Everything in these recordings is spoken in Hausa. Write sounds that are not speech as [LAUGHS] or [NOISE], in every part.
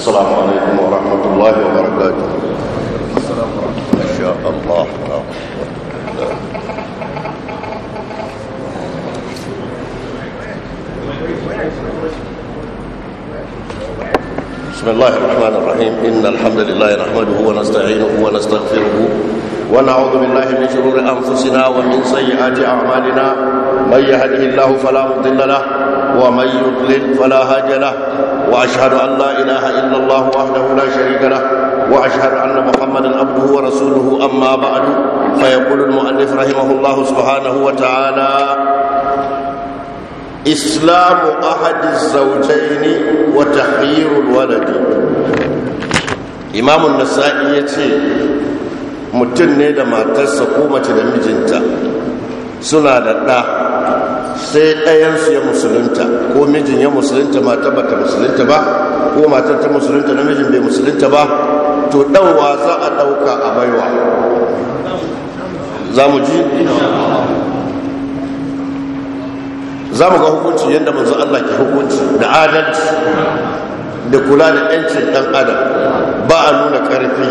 السلام عليكم ورحمة الله وبركاته السلام إن شاء الله بسم الله الرحمن الرحيم إن الحمد لله نحمده ونستعينه ونستغفره ونعوذ بالله من شرور أنفسنا ومن سيئات أعمالنا من يهده الله فلا مضل له ومن يضلل فلا هادي له واشهد ان لا اله الا الله وحده لا شريك له واشهد ان محمدا عبده ورسوله اما بعد فيقول المؤلف رحمه الله سبحانه وتعالى اسلام احد الزوجين وتحرير الولد امام النسائي يتي متن ne da matarsa ko mace da mijinta suna da ɗa sai ɗayansu ya musulunta ko mijin ya musulunta mata bata musulunta ba ko matar ta musulunta mijin bai musulunta ba to ɗanwa za a ɗauka a baiwa za mu ji za mu ga hukunci yadda manzo Allah ke hukunci da adalci da kula da 'yancin ɗan adam ba a nuna ƙarfi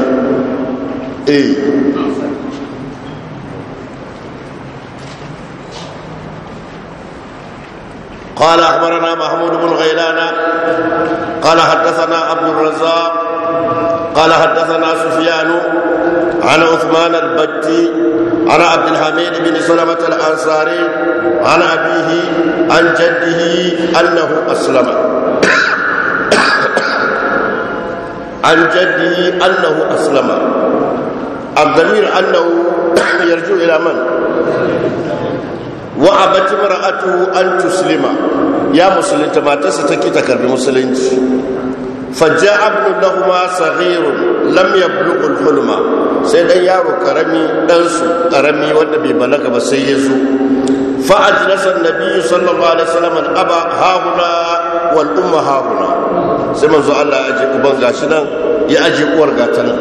eh قال أخبرنا محمود بن غيلان قال حدثنا عبد الرزاق قال حدثنا سفيان عن عثمان البجي عن عبد الحميد بن سلمة الأنصاري عن أبيه عن جده أنه أسلم عن جده أنه أسلم الضمير أنه يرجع إلى من؟ wa abat mar'atuhu an tuslima ya musulunta matarsa ta ki ta karbi musulunci fajja abnu lahuma saghirun lam yablughu al-hulma sai dan yaro karami dan su karami wanda bai balaga ba sai ya zo fa ajlasa an-nabi sallallahu alaihi wasallam al-aba hauna wal umma hauna sai manzo Allah ya aje uban gashi nan ya aje uwar gata nan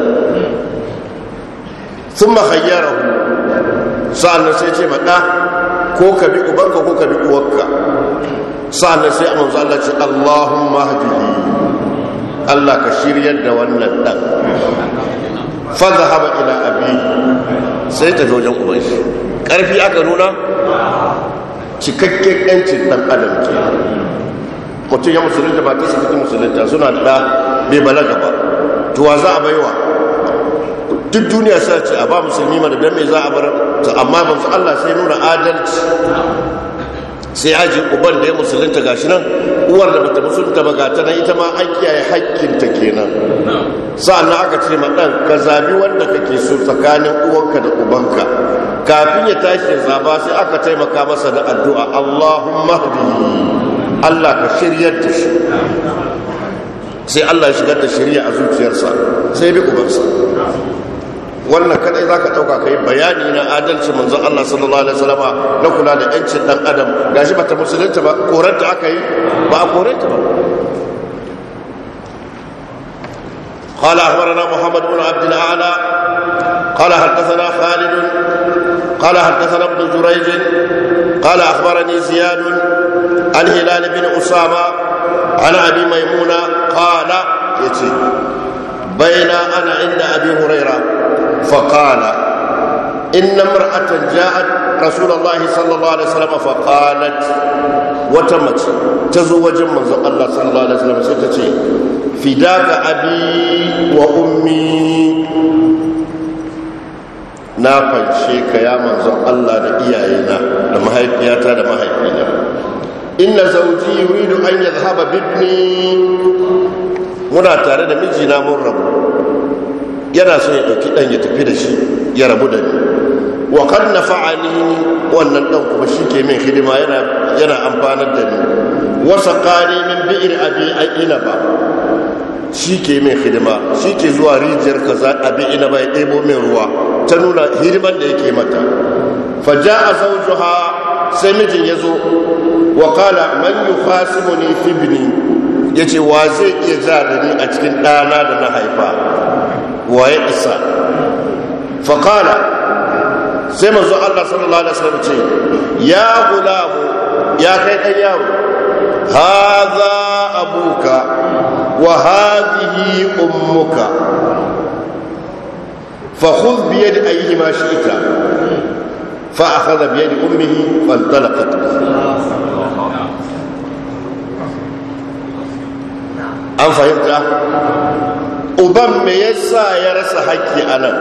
thumma khayyarahu sa'an sai ce ma mada ko ka bi ubanka ko ka bi uwarka sa'annan sai manzo Allah ce Allahumma hadihi Allah ka shiryar da wannan dan fa haɓa ina abi sai ta wajen uban shi karfi aka nuna cikakken yancin dan adam ke mutum ya musulunta ba ta shi cikin musulunta suna da bai balaga ba Tuwa za a baiwa duk duniya sa ce a ba musulmi ma da dan za a bar to amma manzo Allah sai nuna adalci sai aji uban da ya musulunta gashi nan uwar da bata musulunta ba gata nan ita ma an kiyaye ta kenan sa'annan aka ce ma dan ka zabi wanda kake so tsakanin uwanka da ubanka kafin ya tashi ya zaba sai aka taimaka masa da addu'a Allahumma hdi Allah ka shiryar da shi sai Allah ya shigar da shari'a a zuciyarsa sai bi ubansa wannan kadai za ka ɗauka ka yi bayani na adalci manzon Allah sallallahu alaihi na kula da yancin ɗan adam gashi bata musulunta ba koranta aka yi ba a koranta ba قال أخبرنا محمد بن عبد الأعلى قال حدثنا خالد قال حدثنا ابن جريج قال أخبرني زياد عن هلال بن أسامة عن أبي ميمونة قال يتي بين أنا عند أبي هريرة فقال إن امرأة جاءت رسول الله صلى الله عليه وسلم فقالت وتمت تزوج من الله صلى الله عليه وسلم ستتي فداك أبي وأمي na fanshe ka ya manzon Allah da iyayena da mahaifiyata da mahaifina inna zauji yuridu an yadhhaba bidni muna tare da mijina mun rabu yana so ya ɗauki ɗan ya tafi da shi ya rabu da ni wa kan na fa'ani wannan ɗan kuma shi ke min hidima yana amfanar da ni wasa ƙari min bi'ir abi ina ba shi ke min hidima shi ke zuwa rijiyar kaza a ina ba ya ɗebo min ruwa ta nuna hidiman da yake mata faja a ha sai mijin ya zo wa kala man yi fasimuni fibini ya ce wa zai iya za da ni a cikin ɗana da na haifa ويقصى فقال سيما الله صلى الله عليه وسلم يا غلام يا خير أيام هذا أبوك وهذه أمك فخذ بيد أيهما شئت فأخذ بيد أمه فانطلقت أم فهمت uban me yasa ya rasa haƙƙi a nan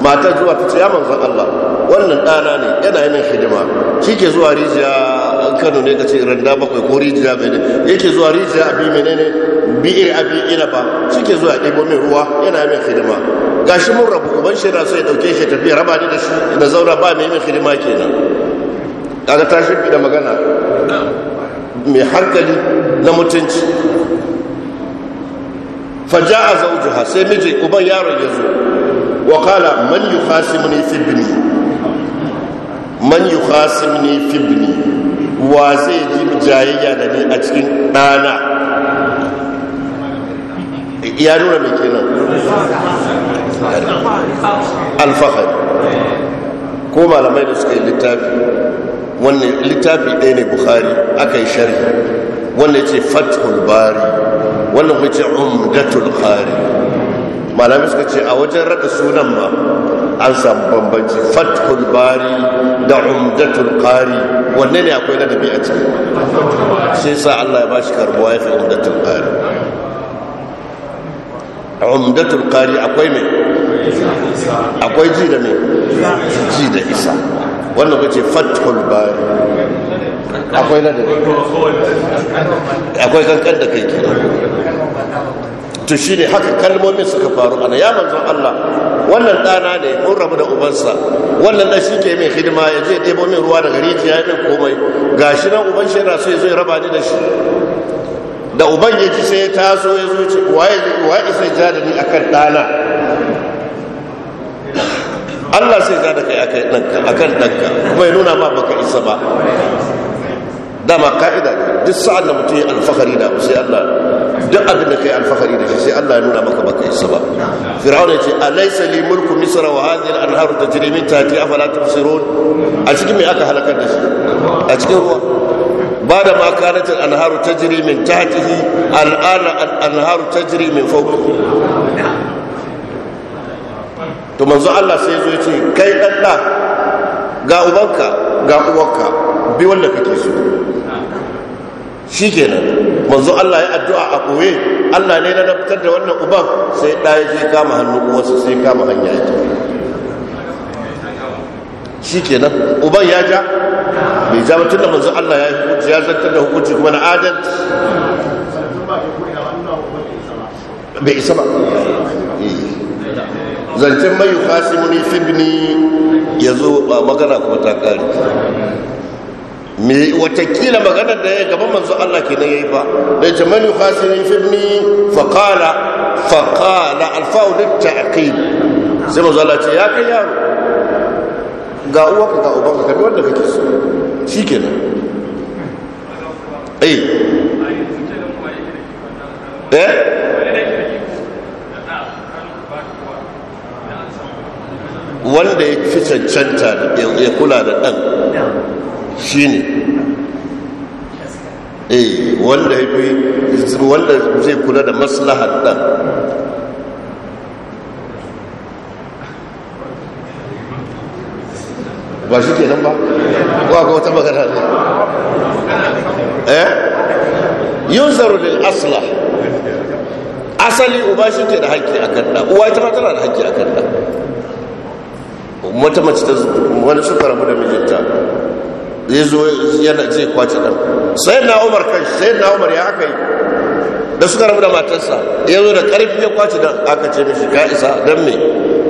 matar zuwa ta ce ya manzan Allah wannan ɗana ne yana yi hidima shi ke zuwa rijiya kano ne ka ce randa bakwai ko rijiya bai ne yake zuwa rijiya abi mai ne a abi ina ba shi ke zuwa ɗebo mai ruwa yana yi min hidima gashi mun rabu uban shi na so ya ɗauke shi tafiya raba ni da shi na zauna ba mai yin hidima kenan kaga tashi shi da magana mai hankali na mutunci faja a faja'a ha sai mijin uban yaron ya zo wa kala man yi yukhasimuni fi fibini man yi yukhasimuni fi fibini wa zai ji jayayya da ni a cikin ɗana ya nuna mai kenan alfahar ko malamai da suka yi littafi wannan littafi ɗaya ne buhari aka yi sharhi wannan ce fathul bari wannan ku ce umdatul khari malami suka ce a wajen rada sunan ma an samu bambanci fathul bari da umdatul khari wannan ne akwai ladabi a ciki sai sa Allah ya bashi karbuwa ya fi umdatul khari umdatul khari akwai me akwai ji da me ji da isa wannan ku ce fathul bari akwai ladabi akwai kankan da kai to shi ne haka kalmomin suka faru ana ya manzon Allah wannan ɗana ne mun rabu da ubansa wannan ɗan shi ke mai hidima ya je ɗebo min ruwa daga rijiya ya min komai gashi nan uban shi yana so ya zo ya raba ni da shi da uban ya ji sai ya taso ya zo waye waye sai ja da ni akan ɗana Allah sai ja da kai akan ɗanka kuma ya nuna ma baka isa ba dama ka'ida ne duk sa'ad da mutum ya alfahari da abu sai Allah duk abin da kai alfahari da shi sai Allah ya nuna maka baka isa ba fir'auna ce alaysa li mulku misr wa hadhihi al tajri min tahti afala a cikin me aka da shi a cikin ruwa بعد ما كانت الأنهار تجري من تحته الآن الأنهار تجري من فوقه to manzo Allah sai zo yace kai dan da ga ubanka ga uwanka bi wanda kake so shikenan manzo Allah ya addu'a a koye Allah ne na daftar da wannan uban sai ɗaya zai kama hannu wasu sai kama hanya ya tafi shikenan uban ya ja bai ja mutum da manzo Allah ya hukunci ya zartar da hukunci kuma na adalci bai isa ba eh. zancen mai yukasi muni bini ya zo magana kuma ta kare me watakila magana da ya gaban manzo Allah kenan yayi ba da jamal yukhasini fi fa qala fa qala al fa'u lit ta'qib sai manzo Allah ce ya kai yaro ga uwarka ga ubanka ka bi wanda kake so shikenan eh eh wanda ya fi cancanta ya kula da ɗan shi ne eh, wanda wanda zai kula da maslahar dan ba shi ke nan ba kuwa akwai wata magana ne eh yunzaru zarurin asla asali uba shi ke da haƙƙi a kan ɗa uwa ita matara da haƙƙi a kan ɗa wata mace ta wani suka rabu da mijinta zai zo yana zai kwaci ɗan sai na umar kan sai na umar ya haka yi da suka rabu da matarsa ya zo da ƙarfi ya kwaci ɗan aka ce mishi ka isa don me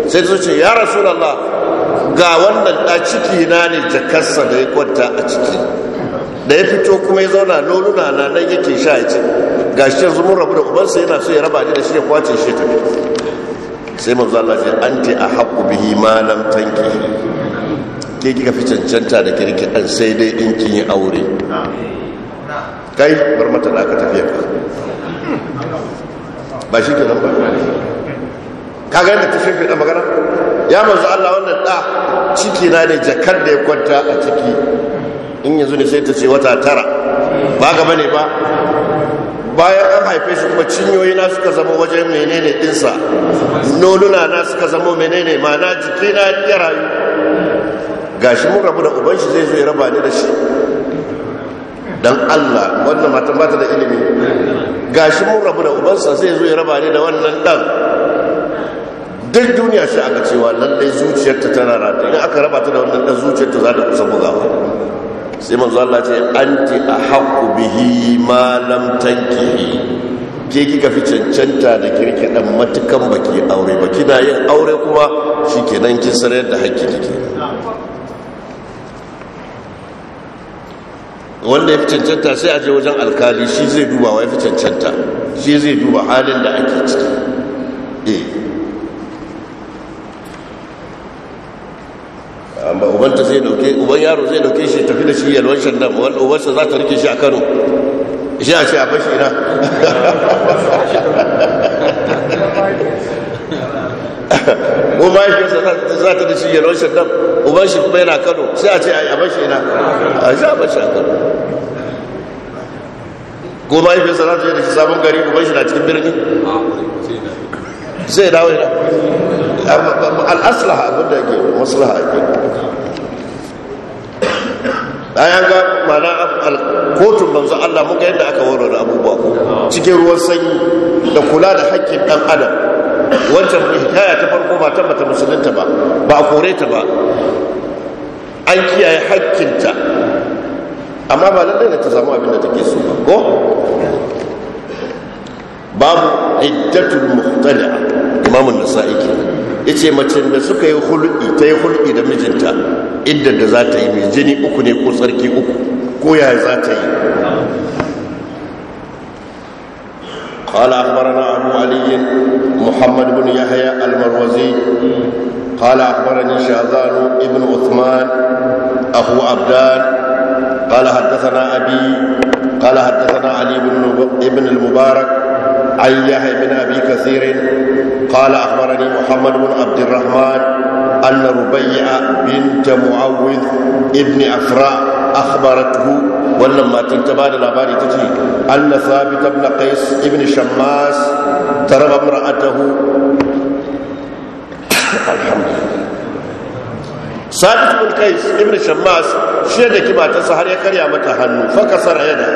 sai su ce ya rasu Allah ga wannan a ciki na ne jakarsa da ya kwanta a ciki da ya fito kuma ya zauna nonuna na nan yake sha ya ce ga shi yanzu mun rabu da ubansa yana so ya raba ni da shi ya kwace shi ta sai manzo Allah ce anti ahaqqu bihi ma lam tankihi ke kika fi cancanta da kirki? An sai dai in yi aure kai bar mata da aka tafiya ba shi ke nan ba kaga yadda ta fi da magana ya manzu Allah wannan da ciki na ne jakar da ya kwanta a ciki in yanzu ne sai ta ce wata tara ba gaba ne ba bayan an haife shi kuma cinyoyi na suka zama wajen menene dinsa nonuna na suka zama menene ma na jiki na ya rayu gashi mun rabu da uban shi zai zo ya raba ni da shi dan Allah wannan matan ba ta da ilimi gashi mun rabu da ubansa zai zo ya raba ni da wannan dan duk duniya shi aka cewa lallai zuciyarta tana rata idan aka raba ta da wannan dan zuciyarta za ta kusa bugawa sai manzo Allah ce anti ahqqu bihi ma lam tankihi ke kika fi cancanta da kirki dan matukan baki aure baki kina yin aure kuma shikenan kin sanar da hakki kike wanda ya fi cancanta sai a je wajen alkali shi zai duba wa ya fi cancanta shi zai duba halin da ake ciki eh. amma ubanta zai dauke uban yaro zai dauke shi tafi da shi yalwan shandam ubansa za ta rike shi a kano shi a ce a bashi na [LAUGHS] uba shi za ta da shi yalwar shaddam uban shi kuma yana kano sai a ce a bashi yana a za a bashi a kano ko ba shi za ta da shi sabon gari uban shi na cikin birni zai dawo ina al'aslaha abinda ke maslaha ke bayan ga mana kotun banzu allah muka yadda aka warware abubuwa cikin ruwan sanyi da kula da haƙƙin ɗan adam wancan hikaya ta farko ba tabbata musulunta ba ba a kore ta ba an kiyaye hakkinta amma ba lallai ne ta samu abinda da ke so ba ko babu iddatul muhtali'a imamun nasa'i kenan yace mace da suka yi hulɗi ta yi hulɗi da mijinta inda da za ta yi mai jini uku ne ko tsarki uku ko ya za ta yi قال أخبرنا أبو علي محمد بن يحيى المروزي قال أخبرني شاذان ابن عثمان أخو عبدان قال حدثنا أبي قال حدثنا علي بن ابن المبارك عن يحيى بن أبي كثير قال أخبرني محمد بن عبد الرحمن أن ربيع بنت معوذ ابن أفراء أخبرته ولما تنتبه للأبار تجي أن ثابت بن قيس ابن شماس sabit bin kais ibn shammas shi da ki matarsa har ya karya mata hannu fa kasara yada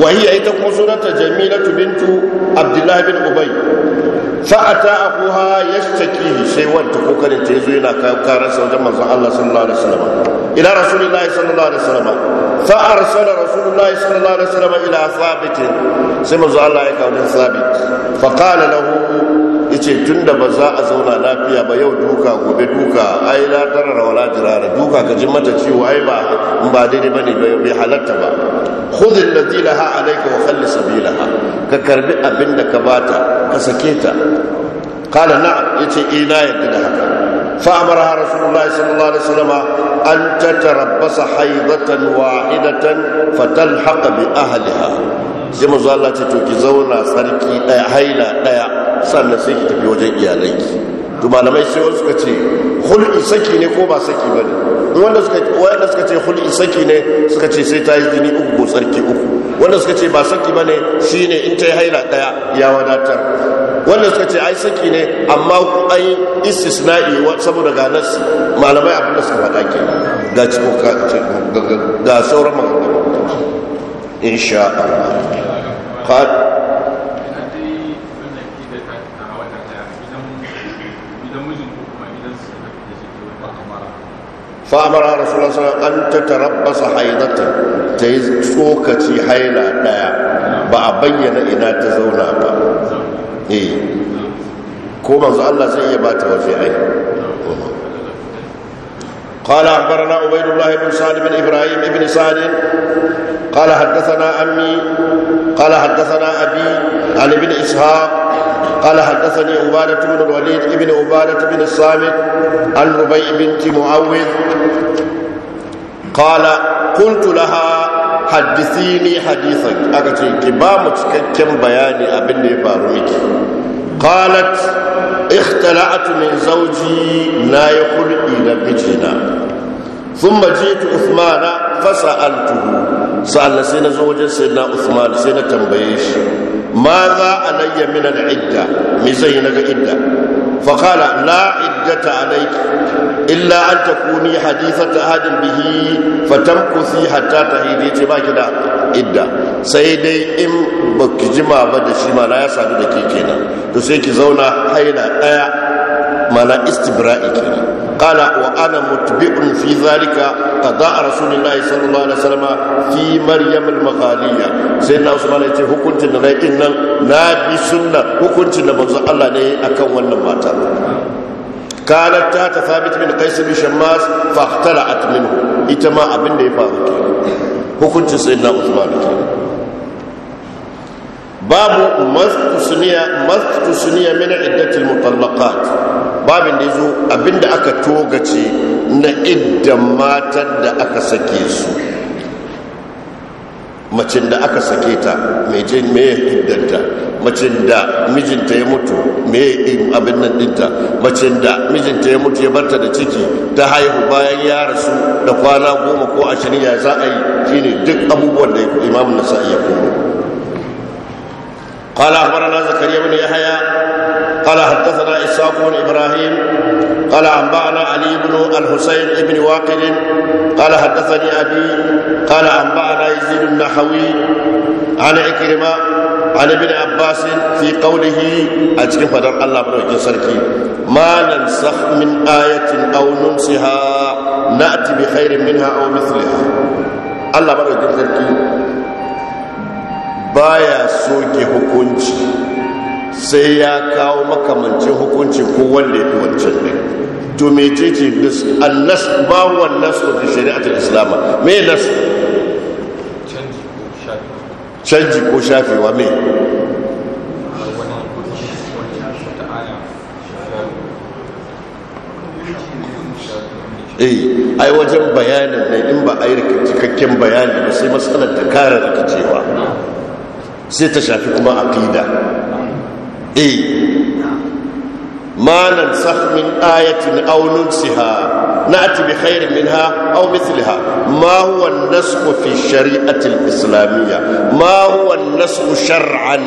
wa hiya ita kuma sunanta Jamila bintu abdullah bin ubay fa ata abuha yashtaki sai wanta kokarin ta yazo yana karan sa wajen manzon Allah sallallahu alaihi wasallam ila rasulillahi sallallahu alaihi wasallam fa arsala rasulullahi sallallahu alaihi wasallam ila thabit sai manzon Allah ya kawo thabit fa qala lahu ce tun da ba za a zauna lafiya ba yau duka gobe duka ai la tarara wala jirara duka ka ji mata ciwo ai ba ba daidai ba ne bai halatta ba khudhil ladhi laha alayka wa khalli sabilaha ka karbi abin da ka bata ka sake ta kala na'am yace ina eh, yadda da haka fa amara rasulullahi sallallahu alaihi wasallam an tatarabbasa haidatan wahidatan fatalhaqa bi ahliha sai mazu Allah ce to ki zauna sarki daya haila daya sannan sai ki tafi wajen iyalanki to malamai sai wasu suka ce hul'i saki ne ko ba saki bane wanda suka wanda suka ce hul'i saki ne suka ce sai ta yi jini uku ko sarki uku wanda suka ce ba saki ba bane shine in ta yi haila daya ya wadatar wanda suka ce ai saki ne amma an yi istisna'i saboda ga nasi malamai abin da suka faɗa ke ga cikin ga sauran maganganu insha Allah قال فأمر رسول الله صلى الله عليه وسلم أن تتربص حيضته تيز فوكتي حيلة دايا بأبين إنا تزونا با إيه كما الله زي ما توفي عيه قال أخبرنا عبيد الله بن سعد بن إبراهيم بن سعد قال حدثنا أمي قال حدثنا أبي عن ابن إسحاق قال حدثني عبادة بن الوليد بن عبادة بن الصامت عن ربيع بنت معوذ قال قلت لها حدثيني حديثك أكتب كبام تكتم بياني أبن فارومك قالت ikhtala'atu min zawji na ya kulɗi da mijina sun maji ta usmana fasa altuhu sa'adda sai na zo wajen sai na sai na tambaye shi ma za a layya mina da idda mai zai na ga idda fakala la idda ta alaiki illa an ta kuni hadisa ta hadin bihi fatan kusi hatta ta hidi ba ki da idda sai dai in ba ki jima ba da shi mana ya sadu da ke kenan to sai ki zauna haila daya mana istibra'i kenan qala wa ana mutbi'un fi zalika qada rasulullahi sallallahu alaihi wasallam fi maryam al-maghaliya sai na usman yace hukuncin da din nan na bi sunna hukuncin da manzo Allah ne akan wannan mata kanat ta ta thabit bin qais bin shammas fa ihtala'at minhu ita ma abin da ya faru ke hukuncin sayyidina usman ke babu mastusniya mastusniya min iddatil mutallaqat babin da yazo abinda aka togace na iddan matan da aka sake su macin da aka sake ta mai je mai iddanta macin da mijinta ya mutu mai abin nan dinta macin da mijinta ya mutu ya barta da ciki ta haihu bayan ya rasu da kwana goma ko ashirin ya za a yi shine duk abubuwan da imam nasa'i ya kuma قال أخبرنا زكريا بن يحيى قال حدثنا إسحاق بن Ibrahim. قال أنبأنا علي بن الحسين بن واقد قال حدثني أبي قال أنبأنا يزيد النحوي عن إكرمة عن ابن عباس في قوله أجل فدر الله بن سركي ما ننسخ من آية أو ننسها نأتي بخير منها أو مثلها الله بن سركي بايا سوكي حكمتي sai ya kawo makamancin hukuncin ko wanda ya fi wancan ne to me ce annas ba wannan su da shari'atul islama me nas canji ko shafewa me A eh, ai wajen bayanin nan in ba a yi cikakken bayani ba sai matsalar ta kara rikicewa sai ta shafi kuma aqida إيه ما ننسخ من آية أو ننسها نأتي بخير منها أو مثلها ما هو النسخ في الشريعة الإسلامية ما هو النسخ شرعا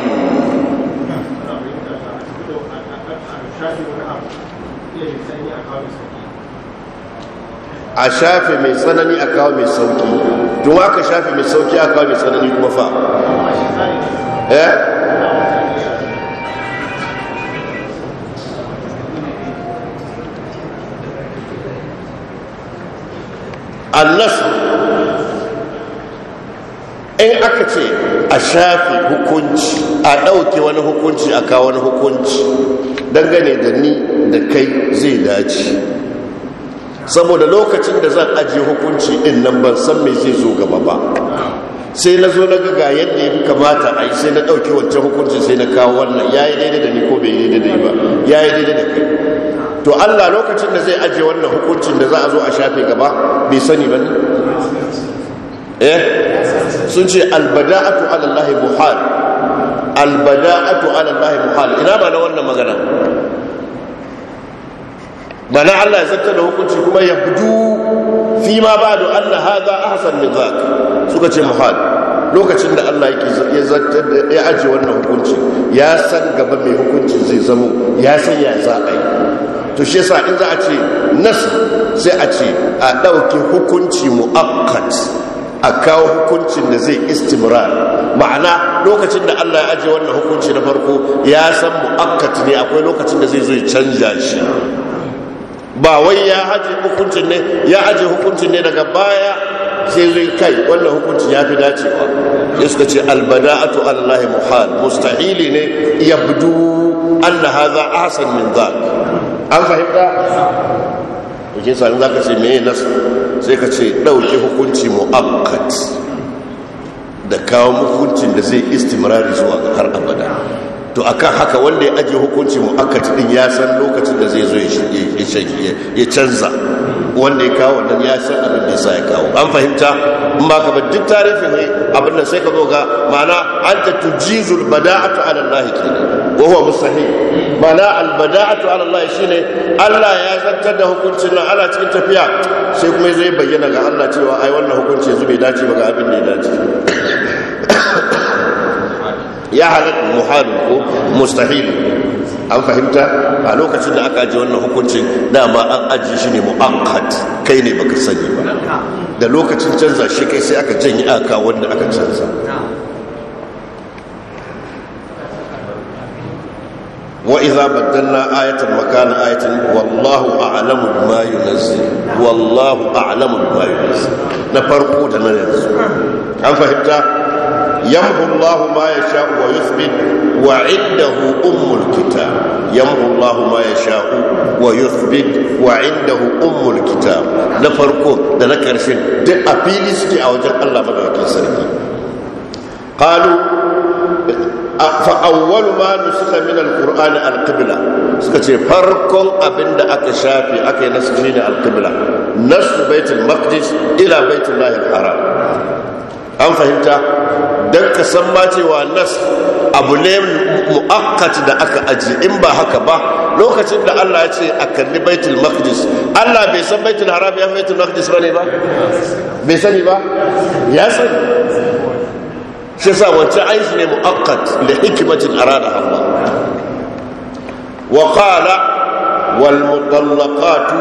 أشافي من سنني أكاو من سوكي جواك شافي من سوكي أكاو سنني كمفا أشافي annas in aka ce a shafi hukunci a ɗauke wani hukunci a kawo wani hukunci dangane da ni da kai zai dace saboda lokacin da zan ajiye hukunci in nan ban san mai zai zo gaba ba sai na zo na ga yadda ya kamata a sai na ɗauki wancan hukunci, sai na kawo wannan ya yi daidai da ni ko bai yi daidai ba ya yi daidai da kai to Allah lokacin da zai ajiye wannan hukuncin da za a zo a shafe gaba bai sani ba ne eh sun ce albada'atu ala Allah muhal albada'atu ala Allah muhal ina ba na wannan magana na Allah ya zartar da hukunci kuma ya budu fi ma ba da Allah haza ahsan min zaka suka ce muhal lokacin da Allah ya zartar da ya ajiye wannan hukunci ya san gaba mai hukuncin zai zamo ya san ya za a yi to shi yasa in za a ce nas sai a ce a ɗauki hukunci mu'akkat a kawo hukuncin da zai istimrar ma'ana lokacin da allah ya ajiye wannan hukunci na farko ya san mu'akkat ne akwai lokacin da zai zo canja shi ba wai ya aje hukuncin ne ya aje hukuncin ne daga baya sai zai kai wannan hukuncin ya fi dacewa ya suka ce albada'atu allahi muhal mustahili ne yabdu za a ahsan min dhalik an fahimta da ke sami za ka ce mai nasu sai ka ce ɗauki hukunci mu'abkat da kawo hukuncin da zai istimrari zuwa har abada to akan haka wanda ya ajiye hukunci mu'abkat din ya san lokacin da zai zo ya canza wanda ya kawo wannan ya san abin da yasa ya kawo an fahimta in ba ka bar duk tarihin ne abin da sai ka zo ga ma'ana anta tujizul bada'atu ala Allah kenan wa huwa mustahil ma'ana al bada'atu ala Allah shine Allah ya zartar da hukuncin nan ana cikin tafiya sai kuma zai bayyana ga Allah cewa ai wannan hukunci yanzu bai dace ba ga abin da ya dace [COUGHS] ya halaka muhalu ko mustahil an fahimta a lokacin da aka ajiye wannan hukuncin dama an ajiye shi ne mu'akkad kai ne baka sani ba da lokacin canza shi kai sai aka janye aka wanda aka canza ayatan makana ayatan wallahu a'lamu bima yunzil wallahu a'lamu bima yunzil Na farko da na yanzu. an fahimta yamhu Allah ma yasha'u wa yuthbit wa indahu ummul kitab yamhu Allah ma sha'u wa yuthbit wa indahu ummul kitab na farko da na karshe duk a fili suke a wajen Allah madaukakin sarki qalu فأول ما نسخ من القرآن القبلة سكتي فرق أبن أك شافي أك نسخين القبلة نسخ بيت المقدس إلى بيت الله الحرام an fahimta. don ka san ma cewa nas abu ne mu'akkat da aka aji in ba haka ba lokacin da Allah ya ce a kalli baitul maqdis Allah bai san baitul haram ya baitul maqdis bane ba bai sani ba ya sani shi sa wancan aishi ne mu'akkat da hikimatin arada Allah wa qala wal mutallaqatu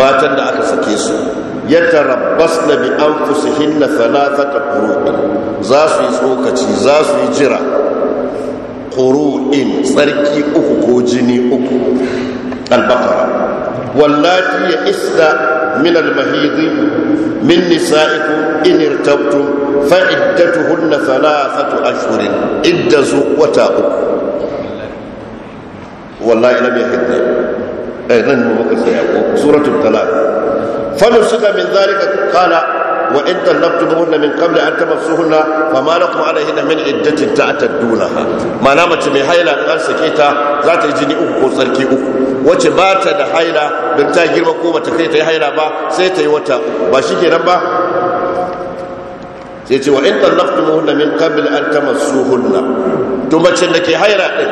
matan da aka sake su yatarabbasna bi anfusihinna thalathata qurud za su yi tsokaci za su yi jira ƙuru'in tsarki uku ko jini uku albakara wallati ya isa min almahidi min nisa'ikum in irtabtum fa iddatuhunna thalathatu ashhurin iddazu wata uku wallahi lam yahidna ay eh, nan mu muka tsaya ko suratul talaq fa nusika min dhalika qala وإن طلبتموهن من قبل أن تمسوهن فما لكم عليهن من عدة تعتدونها ما نامت من حيلة قال سكيتا ذات الجني أخو سركي أخو wace ba ta da haila binta girma ko mata kai ta yi haila ba sai ta yi wata ba shi ke nan ba sai ce wa in tallafta muhunna min kabil an ta masu to mace da ke haila ɗin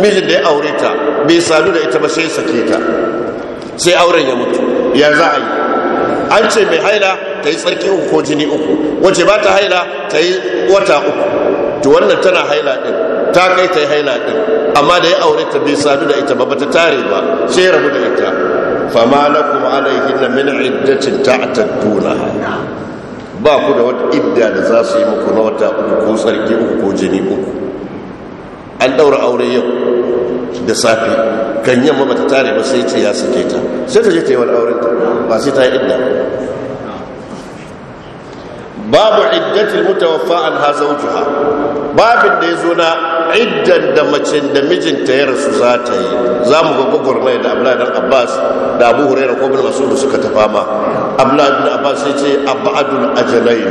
mijin da ya aure ta bai sadu da ita ba sai sake ta sai auren ya mutu ya za an ce mai haila ta yi tsarki uku ko jini uku wacce ba ta haila ta yi wata uku to wannan tana haila din ta kai ta yi haila din amma da ya aure ta bai sadu da ita ba ta tare ba sai rabu da ita ma lakum alaihinna min iddatin ta'tadduna ba ku da wata idda da za su yi muku na wata uku ko tsarki uku ko jini uku an daura aure yau da safe kan yamma ba ta tare ba sai ce ya sake ta sai ta je ta yi wani aurenta ba sai ta yi idda babu iddatul mutawaffa anha zawjuha babin da yazo na iddan da mace da mijinta ya rasu za ta yi za mu ga gwagwarmaya da abdullahi dan abbas da abu huraira ko bin mas'ud suka ta fama abdullahi dan abbas sai ce abadul ajalain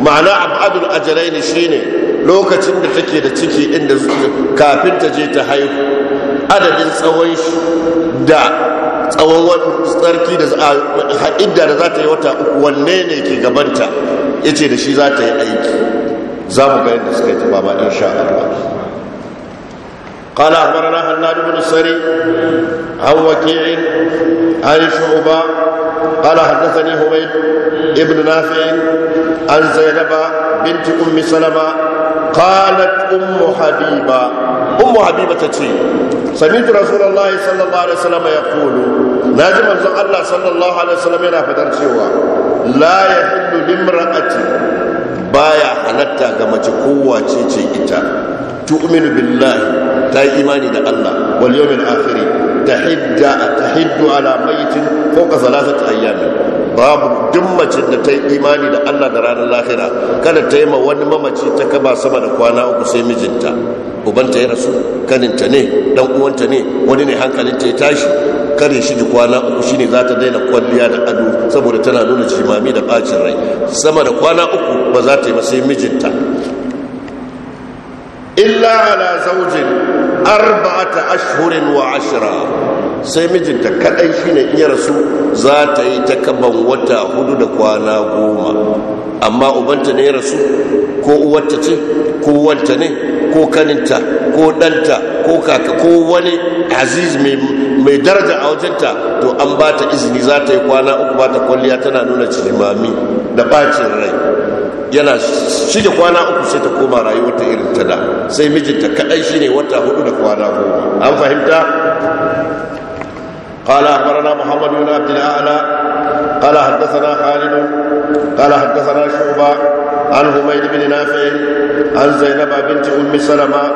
ma'ana abadul ajalain shine lokacin da take da ciki inda kafin ta je ta haihu adadin tsawon shi da tsawon tsarki da idda da za ta yi wata uku wanne ne ke gabanta ya ce da shi za ta yi aiki za mu ga yadda suka yi ta ba in sha Allah قال أخبرنا هناد بن السري عن وكيع عن شعبة قال حدثني هويد ابن نافع عن زينب بنت أم سلمة قالت أم حبيبة أم حبيبة تتي سمعت رسول الله صلى الله عليه وسلم يقول لازم أن الله صلى الله عليه وسلم ينافذ لا يحل limra'ati baya halatta ga mace kowace ce ita tu'minu billahi ta yi imani da Allah wal yawmil akhir tahidda tahiddu ala mayitin ka thalathati ayyami babu duk mace da ta yi imani da Allah da ranar lahira kada ta yi ma wani mamaci ta kaba sama da kwana uku sai mijinta ubanta ya rasu kaninta ne dan uwanta ne wani ne hankalinta ya tashi kare shi kwana uku shine za ta daina kwalliya da ado saboda tana nuna jimami da bacin rai sama da kwana uku ba za ta yi ba sai mijinta illa ala zaujin arba'ata ashhurin wa ashira sai mijinta kadai shine in ya rasu za ta yi ta kaban wata hudu da kwana goma amma ubanta ne ya rasu ko uwarta ce ko wanta ne ko kaninta ko ɗanta ko kaka ko wani aziz mai mai daraja a wajenta to an ba ta izini za ta yi kwana uku ba ta kwalliya tana nuna cilimami da bacin rai yana shiga kwana uku sai ta koma rayuwar ta irin ta da sai mijinta kaɗai shine wata hudu da kwana goma an fahimta قال اخبرنا محمد بن عبد الاعلى قال حدثنا خالد قال حدثنا شعبة عن na بن نافع عن زينب بنت ام سلمة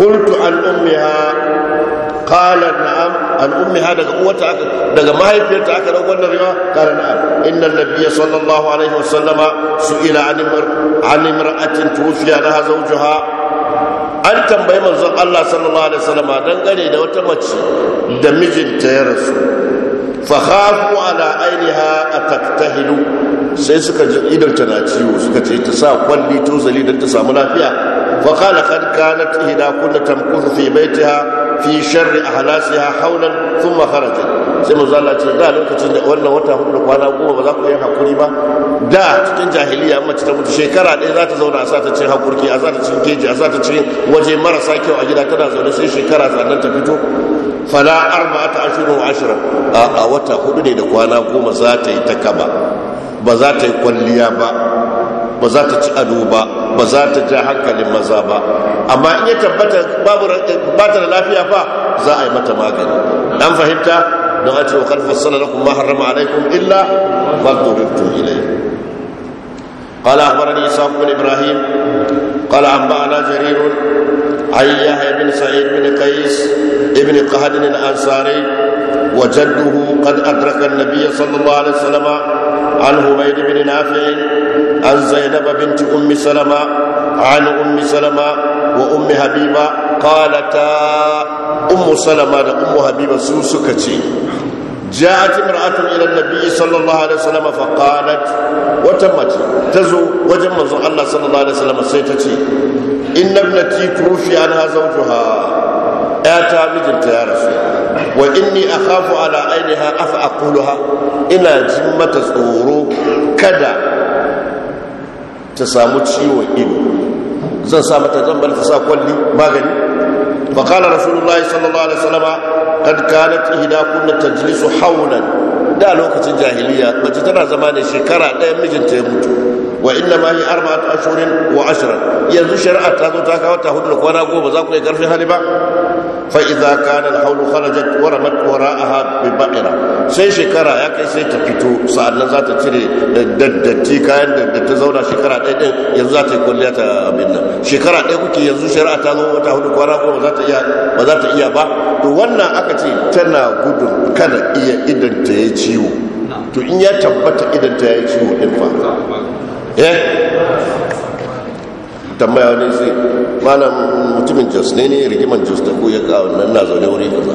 قلت عن ha. qala na'am an ummiha daga uwata aka daga mahaifiyarta aka dauko wannan riwa qala na'am inna nabiyya sallallahu alaihi wasallama su'ila an an imra'atin tuwfiya laha zawjuha an tambayi manzon Allah sallallahu alaihi wasallama dangane da wata mace da mijinta ya rasu fa khafu ala ainiha ataktahilu sai suka ji idan tana ciwo suka ce ta sa kwalli zali don ta samu lafiya fa qala kad kanat ihda kunna tamkuthu fi baitiha fi sharri ahlasiha haulan thumma kharajat sai mu ce da lokacin da wannan wata hudu da kwana goma ba za ku yi hakuri ba da cikin jahiliya mace ta mutu shekara ɗaya za ta zauna a sata cin hakurki a sata cin keji a sata cin waje marasa kyau a gida tana zaune sai shekara sannan ta fito fala arba'ata ashhurun wa ashra a wata hudu ne da kwana goma za ta yi ta kaba ba za ta yi kwalliya ba ba za ta ci ado ba ba za ta ja hankalin maza ba amma in ya tabbata babu ba da lafiya fa za a yi mata magani dan fahimta don a ce wa kan fassala lakum ma harrama alaikum illa ma dhuribtum ilayhi قال اخبرني اسحاق بن ابراهيم قال انبانا جرير عن يحيى بن سعيد بن قيس ابن قهد الانصاري وجده قد ادرك النبي صلى الله عليه وسلم عن حميد بن نافع عن زينب بنت أم سلمة عن أم سلمة وأم حبيبة قالتا أم سلمة لأم حبيبة سوسكتي جاءت امرأة إلى النبي صلى الله عليه وسلم فقالت وتمت تزو وجم الله صلى الله عليه وسلم سيتتي إن ابنتي توفي عنها زوجها ta mijinta ya rasu wa inni akhafu ala ainiha afa aqulaha ina jin mata tsoro kada ta samu ciwon ido zan sa mata zan ta sa kwalli magani fa rasulullahi sallallahu alaihi wasallam kad ta jini kunna tajlisu hawlan da lokacin jahiliya mace tana zama ne shekara ɗaya mijinta ya mutu wa inna ma hi arba'atu ashhurin wa ashirin. yanzu shari'a ta zo ta kawo ta hudu da kwana goma za ku yi karfin hali ba فإذا كان الحول خرجت a haɓe ببقرة sai shekara ya kai sai ta fito sa'annan za ta cire daddatti kayan da ta zauna shekara ɗaya ɗin yanzu za ta yi kwalliya ta abin nan shekara ɗaya kuke yanzu shari'a ta zo wata hudu kwana kuma ba za ta iya ba to wannan aka ce tana gudun kada iya idan ta yi ciwo to in ya tabbata idan ta yi ciwo ɗin fa eh tambaya wani sai malam mutumin jos ne ne rigiman jos ta koya kawo wannan na zaune wuri kaza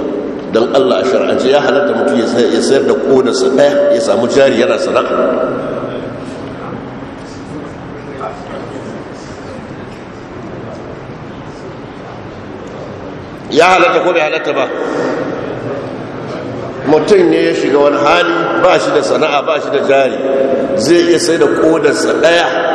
don allah a shar'ance ya halatta mutum ya sayar da su ɗaya ya samu jari yana sana'a ya halatta ko bai halatta ba mutum ne ya shiga wani hali ba shi da sana'a ba shi da jari zai iya sai da kodarsa ɗaya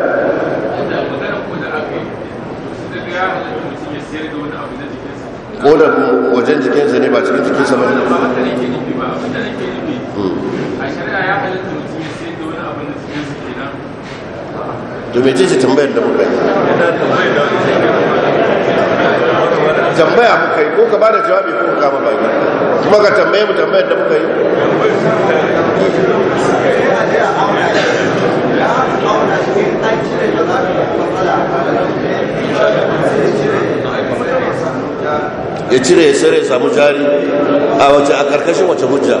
kodar wajen jikinsa ne ba cikin jikinsa ba ne ba hmm. tambayar da muka yi tambaya muka yi ko ka ba da jawabi ko ka ba. baki kuma ka tambaye mu tambayar da muka yi ya cire ya sare samu jari a wace a karkashin wace hujja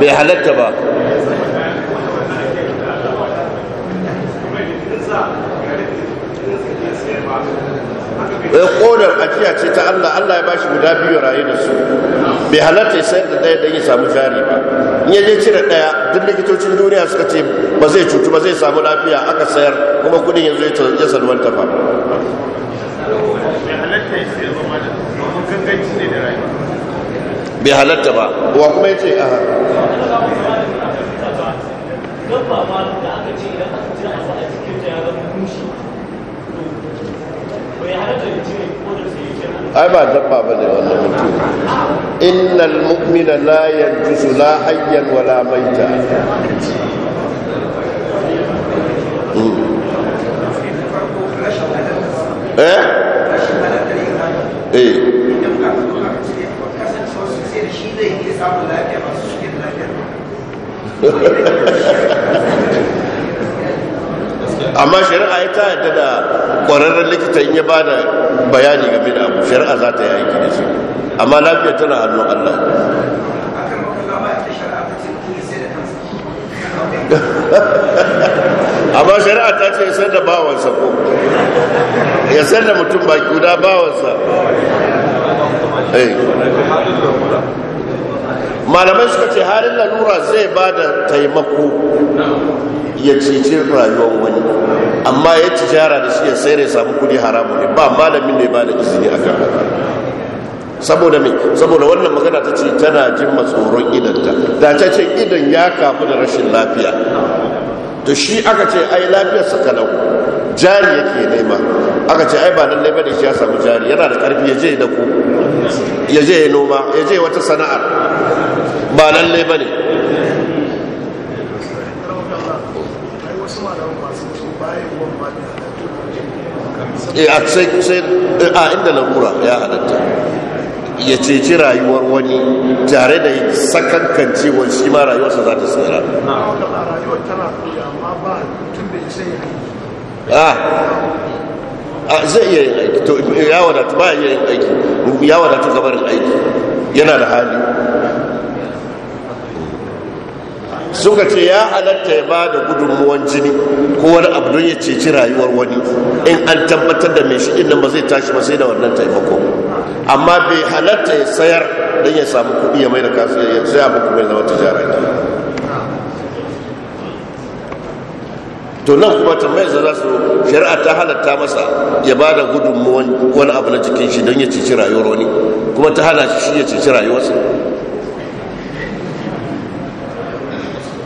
bai halatta ba ya kodar ajiya ce ta Allah Allah ya ba shi guda biyu rayu da su bai halatta sayar da daya don ya samu jari ba in ya cire daya duk likitocin duniya suka ce ba zai cutu ba zai samu lafiya aka sayar kuma kudin yanzu ya salwanta ba bai halatta ba wa kuma ya ce a ai ba dabba ba ne wannan mutum innal mu'mina la yanjusu la hayyan wala maita hmm. eh eh [LAUGHS] amma shari'a ita yadda da ƙwararren likita in ya ba da bayani game da abu shari'a za ta yi aiki da shi amma lafiya tana hannun allah [LAUGHS] amma shari'a ta ce sai da bawansa ko ya san da mutum ba guda bawansa eh. malamai suka ce harin lalura zai ba da taimako ya cece rayuwar wani amma ya tijara da shi ya sayar ya samu kudi haramu ne ba malamin ne ba da izini a kan saboda me saboda wannan magana ta ce tana jin matsoron idanta da ta ce idan ya kafu da rashin lafiya to shi aka ce ai sa kalau jari yake nema aka ce ai ba nan lallai bane shi ya samu jari yana da karfi ya je da ku ya je ya noma ya je wata sana'ar ba nan lallai bane Eh, a sai eh, a inda lamura ya halatta ya ceci rayuwar wani tare da sakankan cewa shi ma rayuwarsa za ta tsira a zai iya yin aiki to ya wadatu ba iya yin aiki ya wadatu gabarin aiki yana da hali suka ce ya halatta ya ba da gudunmuwan jini ko wani abu don ya ceci rayuwar wani in an tabbatar da mai shi inda ba zai tashi ba sai da wannan taimako amma bai halatta ya sayar don ya samu kuɗi ya mai da kasu ya sai abu kuma ya zama tijara to nan kuma tambayar za su shari'a ta halatta masa ya ba da gudunmuwan wani abu na jikin shi don ya ceci rayuwar wani kuma ta hana shi ya ceci rayuwarsa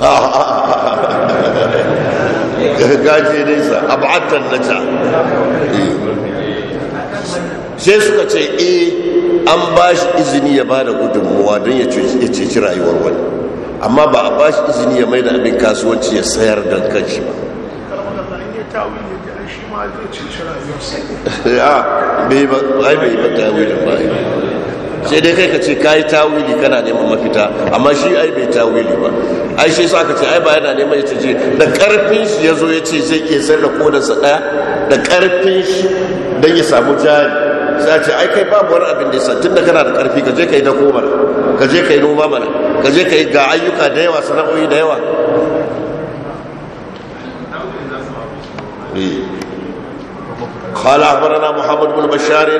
[LAUGHS] gaje nesa abatan ta eh. sai suka ce e an ba shi izini ya ba da gudunmuwa don ya ceci rayuwar wani amma ba a ba shi izini ya mai da abin kasuwanci ya sayar don kanshi ba [LAUGHS] a bai ba tawilin ba sai dai kai ka ce ka yi tawili kana neman mafita amma shi ai bai tawili ba ai shi sa ka ce ai ba yana neman ita ce da karfin shi ya zo ya ce zai iya sarra kodarsa ɗaya da karfin shi dan ya samu jari sai ce ai kai babu wani abin da ya tun da kana da karfi ka je ka yi da komar ka je ka yi noma mana ka je ka yi ga ayyuka da yawa sana'o'i da yawa eh. قال اخبرنا محمد بن بشار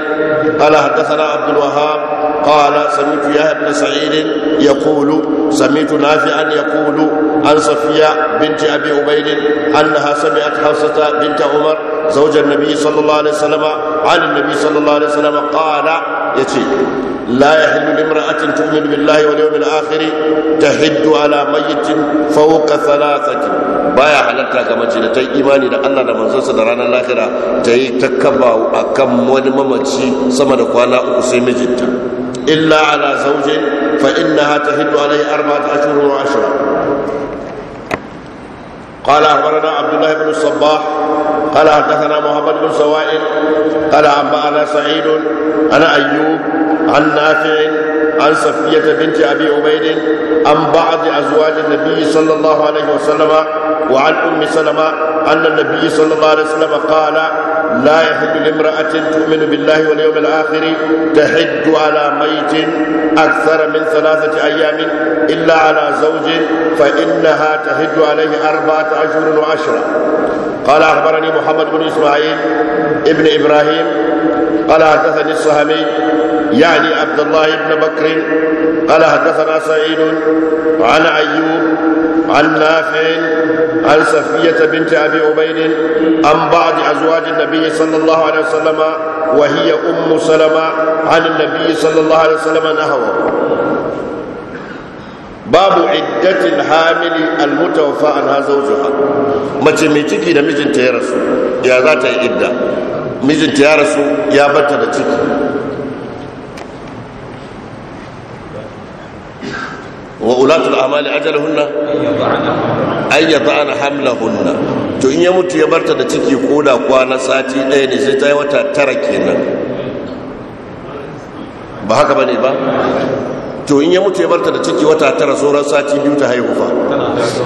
قال حدثنا عبد الوهاب قال سمعت يحيى بن سعيد يقول سمعت نافعا يقول عن صفيه بنت ابي عبيد انها سمعت حفصه بنت عمر زوج النبي صلى الله عليه وسلم عن النبي صلى الله عليه وسلم قال يتي لا يحل لامرأة تؤمن بالله واليوم الآخر تحد على ميت فوق ثلاثة بايا حلتا كما تي إيماني دا الله دا منزل رانا الآخرة تي تكبا أكم ونممتي سمد قوانا أقسم جدا إلا على زوج فإنها تحد عليه أربعة أشهر وعشرة قال اخبرنا عبد الله بن الصباح قال حدثنا محمد بن سوائل قال انبانا سعيد عن ايوب عن نافع عن صفيه بنت ابي عبيد عن بعض ازواج النبي صلى الله عليه وسلم وعن أم سلمة أن النبي صلى الله عليه وسلم قال لا يحل لامرأة تؤمن بالله واليوم الآخر تحد على ميت أكثر من ثلاثة أيام إلا على زوج فإنها تحد عليه أربعة أشهر وعشرة قال أخبرني محمد بن إسماعيل ابن إبراهيم قال حدثني الصهمي يعني عبد الله بن بكر قال حدثنا سعيد عن أيوب عن نافع عن صفية بنت أبي عبيد عن بعض أزواج النبي صلى الله عليه وسلم وهي أم سلمة عن النبي صلى الله عليه وسلم نهوه babu iddatin hamili almutawaffa anha zawjuha mace mai ciki da mijinta ya rasu ya za yi idda mijinta ya rasu ya da ciki wa ulatul amali ajalhunna an yad'ana hamlahunna to in ya mutu ya barta da ciki ko kwana sati daya ne sai ta yi wata tara kenan ba haka bane ba to in ya mutu ya barta da ciki wata tara sauran sati biyu ta haihu fa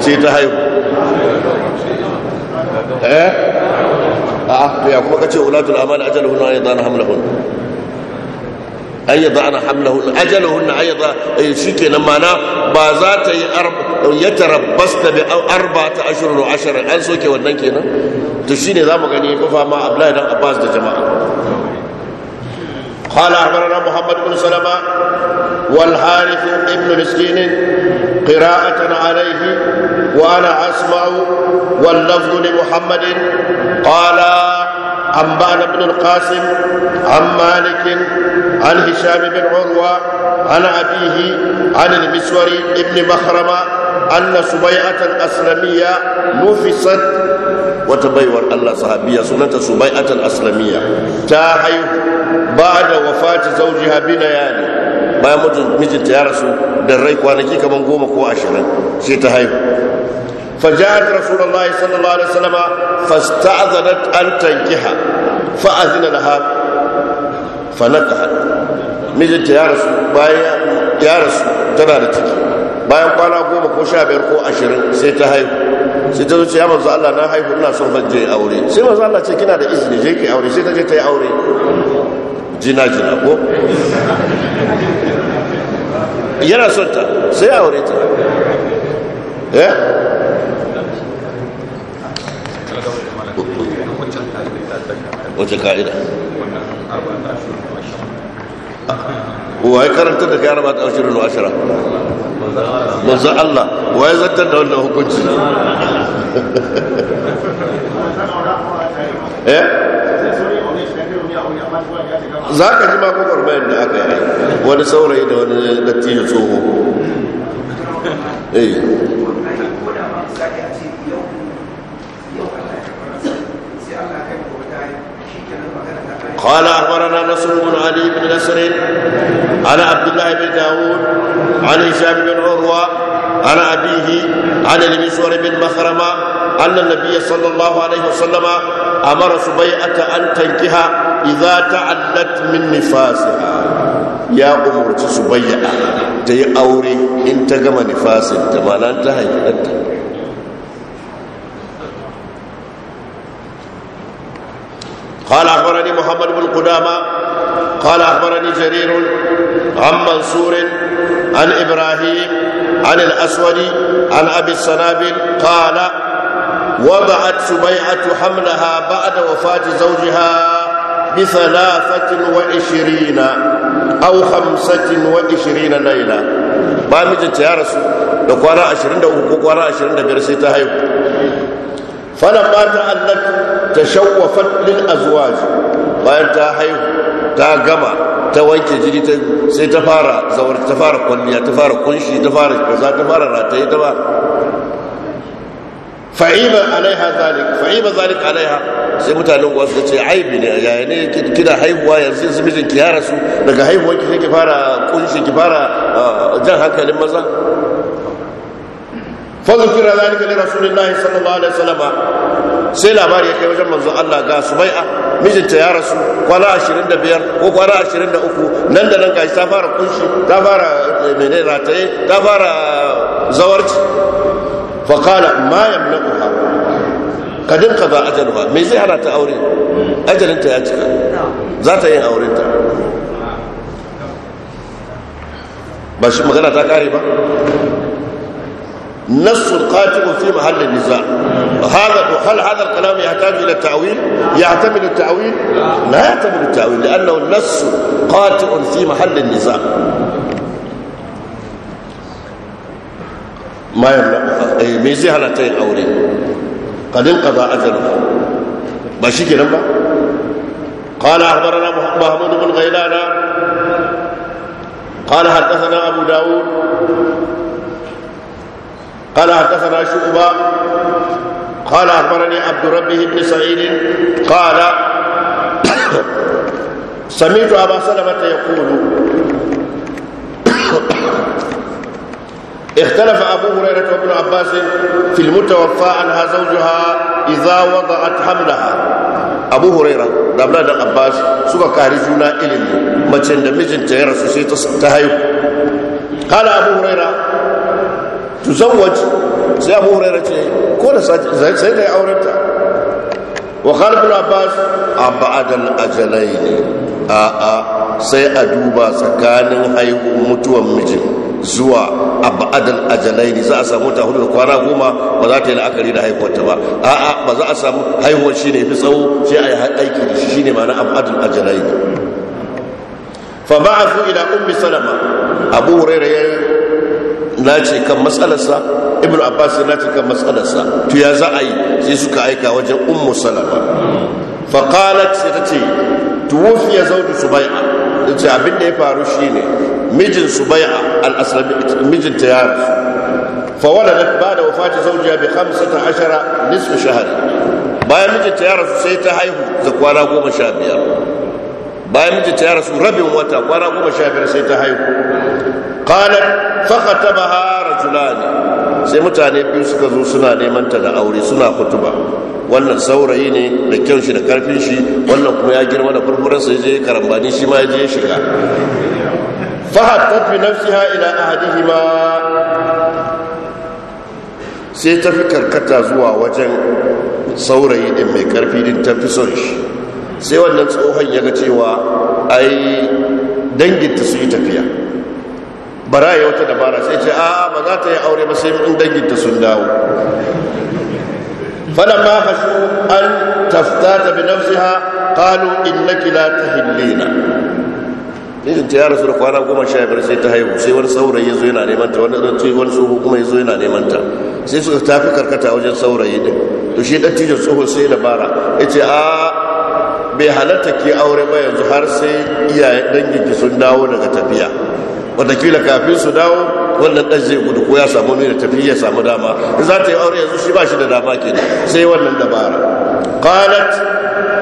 sai ta haihu eh a ya kuma kace ulatul amali ajalhunna an yad'ana hamlahunna ايضا ضعنا حمله أجلهن أي ضع أي شيكي لما نا بازات أرب يتربصن بأربعة أشهر وعشر أن سوكي ونكي نا تشيني ذا مغني كفا ما أبلاه نا أباز دا جماعة قال أحمرنا محمد بن سلمة والحارث ابن مسكين قراءة عليه وأنا أسمع واللفظ لمحمد قال أنبأنا بن القاسم عن مالك عن هشام بن عروة عن أبيه عن المسور بن مخرمة أن سبيعة الأسلمية نفست وتبيور الله صحابية سنة سبيعة الأسلمية تاحي بعد وفاة زوجها بليالي bayan mijinta ya rasu da rai kwanaki kamar goma ko ashirin sai ta haihu فجاءت رسول الله صلى الله عليه وسلم فاستأذنت أن تنكح فأذن لها فنكحت mijinta ya rasu bayan ya rasu tana da ciki bayan kwana goma ko sha biyar ko ashirin sai ta haihu sai ta zuciya manzo Allah na haihu ina son ban je aure sai manzo Allah ce kina da izini je ki aure sai ta je ta yi aure jina jina ko yana son ta sai aure ta eh wace ka'ida wa ya karanta da kayar mata ashirin wa ashira manzo Allah wa ya zartar da wannan hukunci [LAUGHS] eh za ka ji makokar bayan da aka yi wani saurayi da wani dattijo tsoho eh قال اخبرنا نصر بن علي بن نصر عن عبد الله بن داود عن هشام بن عروه عن ابيه عن المسور بن مخرمه ان النبي صلى الله عليه وسلم امر سبيعه ان تنكها اذا تعلت من نفاسها ya umarci su bayyana ta yi aure in ta gama nifasin ta ma ta haifanta قال أخبرني جرير عن منصور عن إبراهيم عن الأسود عن أبي السنابل قال وضعت سبيعة حملها بعد وفاة زوجها بثلاثة وعشرين أو خمسة وعشرين ليلة ما مجد يا رسول لقوانا عشرين دو قوانا عشرين دو برسيتها يوم فلما تألت تشوفت للأزواج bayan ta haihu ta gama ta wanke jini sai ta fara zawar ta fara kwalliya ta fara kunshi ta fara kaza ta fara rataye ta fara fa'iba alaiha zalik fa'iba zalik alaiha sai mutanen uwa suka ce aibi ne yaya ne kina haihuwa yanzu su mijin ki yara su daga haihuwar ki sai ki fara kunshi ki fara jan hankalin maza فذكر ذلك لرسول الله صلى الله عليه وسلم sai labari ya kai wajen manzo Allah ga subai'a mijinta ya rasu kwana biyar ko kwana uku nan da nan gashi ta fara kunshi ta fara eh, mene rataye ta fara eh, zawarci fa qala ka yamnaquha kadin qada ajalha me zai hana ta aure ajalinta ya cika za ta yin aurenta ba shi magana ta kare ba نص القاتل في محل النزاع هذا هل هذا الكلام يحتاج الى تعويل يعتمد التاويل لا يعتمد التاويل لانه النص قاتل في محل النزاع ما يمنع اي zai hana ta yin aure kadin kaza ajalu ba قال اخبرنا ba بن غيلان قال حدثنا ابو داود قال حدثنا شعبة قال أخبرني عبد ربه بن سعيد قال سمعت أبا سلمة يقول اختلف أبو هريرة وابن عباس في المتوفى عنها زوجها إذا وضعت حملها abu huraira da abla dan abbas suka kari juna ilimi mace da mijinta ya rasu sai ta haihu kala abu huraira tuzawwaj sai abu hurairah ce ko da sai da aurenta wa khalid bin abbas abadal ajalaini a a sai a duba tsakanin haihu mutuwan mijin zuwa abadal ajalaini za a samu ta hudu da kwana goma ba za ta yi la'akari da haihuwarta ba a a ba za a samu haihuwar shine fi tsawo sai a yi aiki da shi shine ma'ana abadal ajalaini fa ba'athu ila ummi salama abu hurairah nace kan matsalarsa ibn abbas ya nace kan matsalarsa to ya za a yi sai suka aika wajen ummu salama fa qalat sai ta ce tuwfiya zawju subai'a ce abin da ya faru shine mijin subai'a al-aslami mijin ta yaro fa waladat ba'da wafati zawjiha bi 15 nisfu shahr bayan mijin ta yaro sai ta haihu da kwana 15 bayan mijin ta yaro rabin wata kwana 15 sai ta haihu qalat fakatabaha rajulan sai mutane biyu suka zo suna neman ta da aure suna kutuba wannan saurayi ne da kyan shi da karfin shi wannan kuma ya girma da furfuran sai je karambani shi ma ya je shiga fahattat bi nafsiha ila ahadihima sai ta fi karkata zuwa wajen saurayi din mai karfi din ta fi son shi sai wannan tsohon ya ga cewa ai danginta su yi tafiya bara ya wata dabara sai ce a ba za ta yi aure ba sai in danginta sun dawo فلما خشوا ta bi بنفسها قالوا إنك in na kila ta yara su da kwana goma sha biyar sai ta haihu sai wani saurayi ya zo yana neman ta wani rantsi wani tsoho kuma ya zo yana neman ta sai suka tafi karkata wajen saurayi din to shi dan tijin tsoho sai dabara bara ya ce a bai halatta ki aure ba yanzu har sai iyayen danginki sun dawo daga tafiya watakila kafin su dawo wannan ɗan zai gudu ko ya samu ne da tafi ya samu dama za ta yi aure yanzu shi ba shi da dama ke sai wannan dabara qalat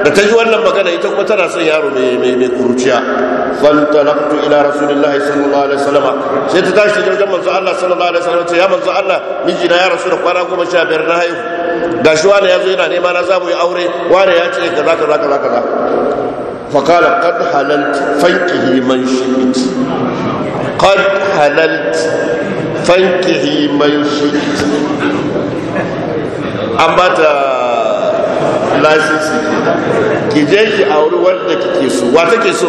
da ta ji wannan magana ita kuma tana son yaro mai mai mai kuruciya fantalaqtu ila rasulillahi sallallahu alaihi wasallam sai ta tashi da wajen manzo Allah sallallahu alaihi wasallam ta ya manzo Allah miji na ya rasu da kwana goma sha biyar na haihu gashi wani ya yana nema na za mu yi aure wani ya ce kaza kaza kaza kaza فقال قد حللت فانكه man شئت قد حللت فانكه ما shi'it an ba كي lasisi ki je ki auri wanda kike so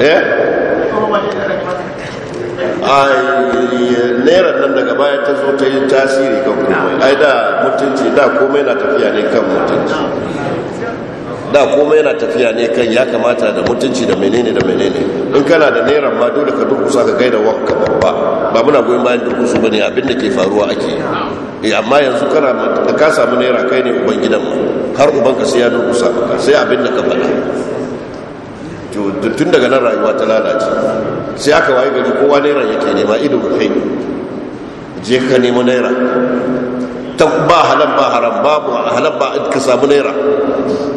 eh? naira nan daga baya ta zo ta yi tasiri kan kuma ai da mutunci da komai na tafiya ne kan mutunci da komai yana tafiya ne kan ya kamata da mutunci da menene da menene in kana da naira ma dole ka durkusa ka gaida wanka babba ba muna goyon bayan durkusu bane abin da ke faruwa ake eh amma yanzu kana da ka samu naira kai ne uban gidan mu har uban ka sai ya durkusa ka sai abin da ka faɗa to tun daga nan rayuwa ta lalace sai aka waye gari kowa naira yake nema ido kai je ka nemo naira ta ba halan ba haram babu halan ba ka samu naira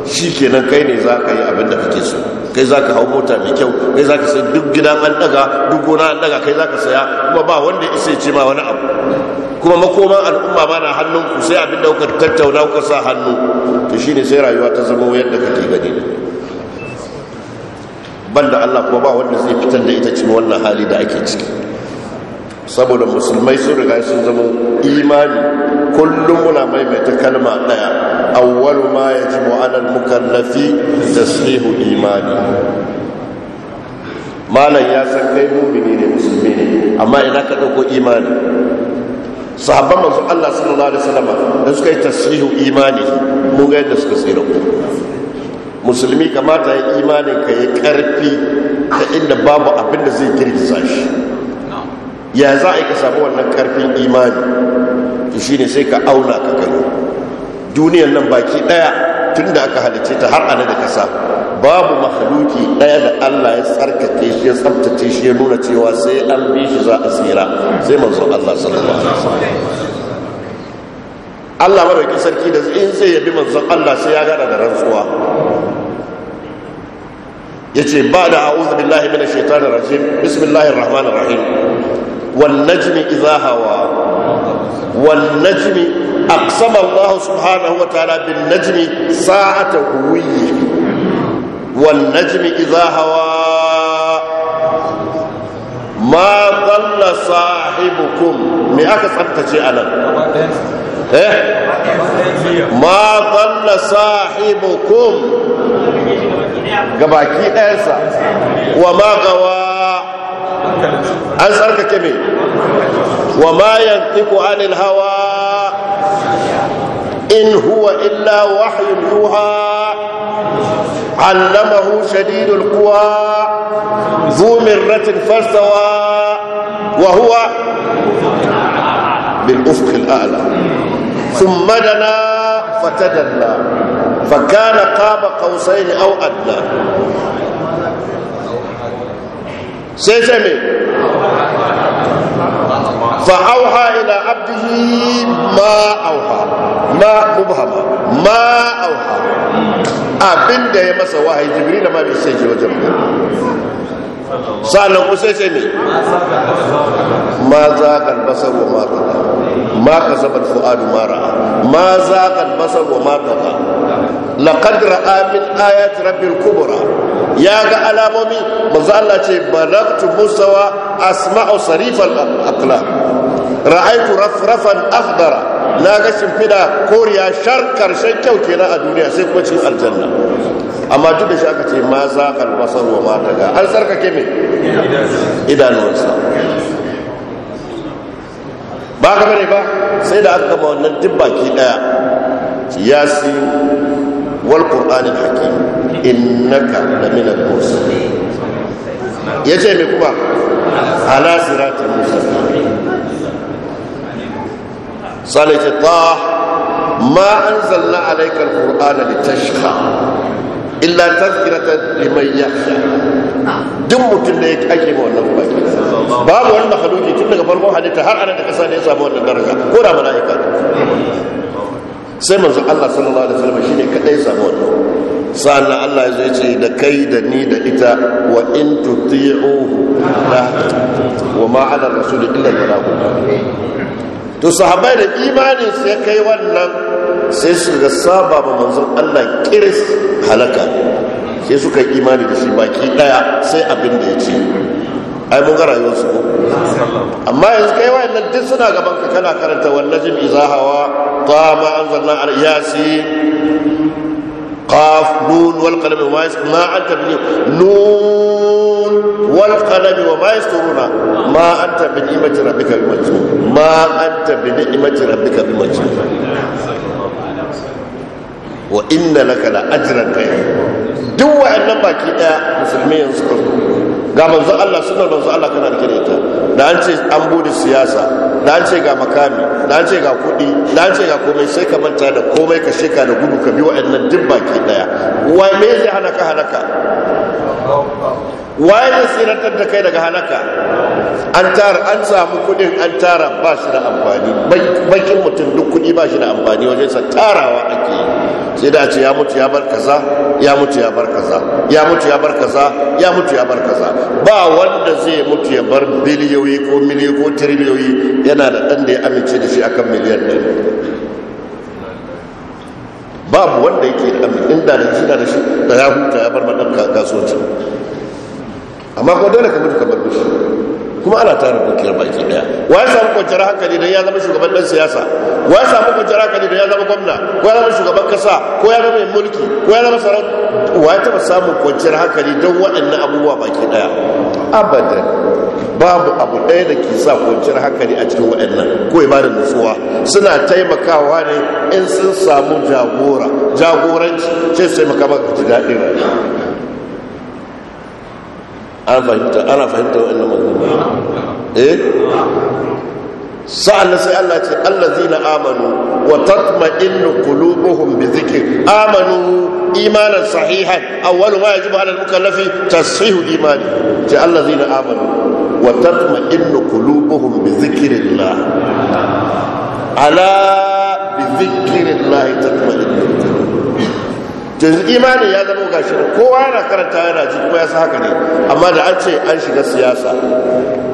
shi kenan kai ne za ka yi abin da kake so kai za ka hau mota mai kyau kai za ka sai duk gida an daga duk gona an daga kai za ka saya kuma ba wanda isa ce ma wani abu kuma makoman al'umma ba na hannun ku sai abin da kuka tattauna kuka sa hannu to shine sai rayuwa ta zama yadda kake gani da banda Allah kuma ba wanda zai fitar da ita cikin wannan hali da ake ciki saboda musulmai sun riga sun zama imani kullum muna maimaita kalma daya awwalu ma yajibu ala al-mukallafi tasrihu imani malam ya san kai mumini ne musulmi ne amma ina ka dauko imani sahabban manzo Allah sallallahu alaihi wasallam da suka yi taslihu imani mun ga yadda suka tsira ku musulmi kamata ya imani ka ya karfi ta inda babu abin da zai girgiza shi ya za a yi ka samu wannan karfin imani to shi ne sai ka auna ka kano duniyar nan baki daya tun da aka halice ta har ana da kasa babu mahaluki daya da allah ya tsarkake shi ya tsabtace shi ya nuna cewa sai an bi shi za a tsira sai manzon allah sallallahu alaihi wasallam allah maraikin sarki da in zai yabi manzon allah sai ya gana da rantsuwa ya ce ba da a'udhu billahi mina shaitanin rajim bismillahir rahmanir rahim والنجم إذا هوى والنجم أقسم الله سبحانه وتعالى بالنجم ساعة هويه والنجم إذا هوى ما ضل صاحبكم مئة سبتة أنا إيه؟ ما ضل صاحبكم gabaki ɗayansa wa magawa an tsarkake mai wa ma yantiku anil hawa in huwa illa wahyun yuha allamahu shadidul quwa zu mirratin fastawa wa huwa bil ufqil a'la thumma dana fatadalla kama قاب قوسين او ادنى sai sai mai fa'auha ila abdihi ma auha ma mubhama ma auha abinda ya masa wahayi jibril ma bai sai wajen ba sa'annan ko sai sai mai ma za kan basar wa ma kaza ma ka sabar fu'adu mara ma za kan basar wa ma kaza laqad ra'a min ayati rabbil kubra ya ga alamomi manzo Allah ce balagtu musawa asma'u sarifal aqla ra'aytu rafrafan akhdara na ga shimfida koriya shar karshen kyau kenan a duniya sai kuma cikin aljanna amma duk da shi aka ce ma za a basar wa ma daga an sarkake me idanuwansa ba ka bane ba sai da aka gama wannan duk baki daya yasin wal innaka la min al-mursalin yace me kuma ala musa. mustaqim salati ta ma an anzalna alayka al-qur'ana tashka illa tadhkiratan liman yakhsha duk mutum da yake ake ma wannan baki babu wani makhluki tun daga farkon halitta har ana da kasa da ya samu wannan daraja ko da mala'ika sai manzo Allah sallallahu alaihi wasallam shine kadai samu wannan sa'an Allah ya ce da kai da ni da ita wa in tuti'uhu wa ma ala rasul illa al to sahabbai da imani sai kai wannan sai su ga saba ba manzon Allah kiris halaka sai suka yi imani da shi baki daya sai abin da ya ai mun ga rayuwarsu ko amma yanzu kai wayannan duk suna gaban ka kana karanta wannan jin izahawa ta ma anzalna al-yasi قاف نون والقلم وما يسطرون ما أنت بني نون والقلم وما يسطرون ما أنت بنعمة ربك بمجنون ما أنت بنعمة ربك بمجنون وإن لك لأجرا غير دو أن باكي musulmi yanzu ka ga manzo Allah suna manzo Allah kana da kireta da an ce an bude siyasa da an ce ga makami da an ce ga kuɗi da an ce ga komai sai ka manta da komai ka sheka da gudu ka biyu wa'annan duk baki daya wai me zai hana ka halaka waye ne tsiratar da kai daga halaka an tara an samu kudin an tara ba shi da amfani bakin mutum duk kudi ba shi da amfani wajen sa tarawa ake yi sai da ce ya mutu ya bar kaza ya mutu ya bar kaza ya mutu ya bar kaza ya mutu ya bar kaza ba wanda zai mutu ya bar biliyoyi ko miliyoyi ko tiriliyoyi yana da dan da ya amince da shi akan miliyan ɗin babu wanda yake da amince inda da shi da shi da ya huta ya bar madan kasuwanci amma ko dole ka mutu ka bar biliyoyi kuma ana tara dukiyar baki daya wa ya samu kwanciyar hankali da ya zama shugaban dan siyasa wa ya samu kwanciyar hankali da ya zama gwamna ko ya zama shugaban kasa ko ya zama mulki ko ya zama sarauta wa ya taba samun kwanciyar hankali don waɗannan abubuwa baki daya abadan babu abu ɗaya da ke sa kwanciyar hankali a cikin waɗannan ko bada nutsuwa suna taimakawa ne in sun samu jagora jagoranci sai su taimaka maka ji daɗin rayuwa an fahimta ana fahimta wa'annan magana eh sa'an sai Allah ce Allah zina amanu wa tatma'innu qulubuhum bi dhikr amanu imanan sahihan awwalu ma yajibu 'ala al-mukallafi tashihu imani ce zina amanu wa tatma tatma'innu qulubuhum bi dhikrillah ala bi tatma tatma'innu yanzu imanin ya zama gashi kowa yana karanta yana ji kuma ya sa haka ne amma da an ce an shiga siyasa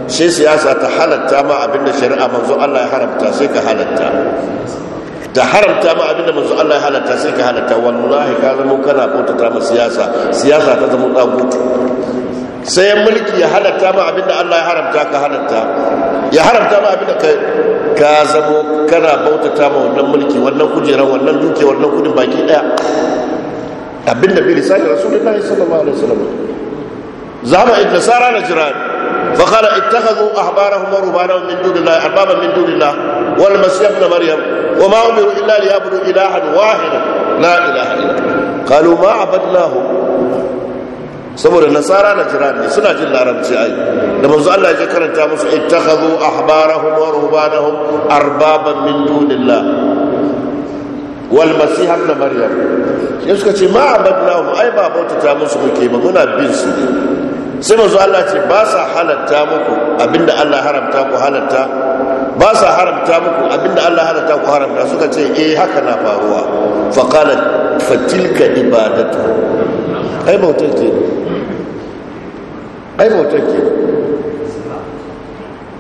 shi siyasa ta halatta ma abinda shari'a manzo Allah ya haramta sai ka halatta ta haramta ma abinda manzo Allah ya halatta sai ka halatta wallahi ka zama kana ta ma siyasa siyasa ta zama dagutu sai mulki ya halatta ma abinda Allah ya haramta ka halatta ya haramta ma abinda ka ka zamo kana bautata ma wannan mulki wannan kujerar wannan duke wannan kudin baki daya abinda bi lisani rasulullahi sallallahu alaihi wasallam zama in nasara najran fa qala ittakhadhu ahbarahum wa min dunillahi arbaban min wal masih ibn maryam wa ma umiru illa liyabudu ilahan wahidan la ilaha illa qalu ma saboda nasara na jira ne suna jin larabci ai da manzo Allah ya karanta musu ittakhadhu ahbarahum wa arbaban min dunillah wal masih ibn maryam sai suka ce ma abadnahu ai ba bautata musu muke ba muna bin su ne sai manzo Allah ce ba sa halatta muku abinda Allah haramta ku halatta ba sa haramta muku abinda Allah halatta ku haramta suka ce eh haka na faruwa fa qala fatilka ibadatu ai bautar ke ai bautar ke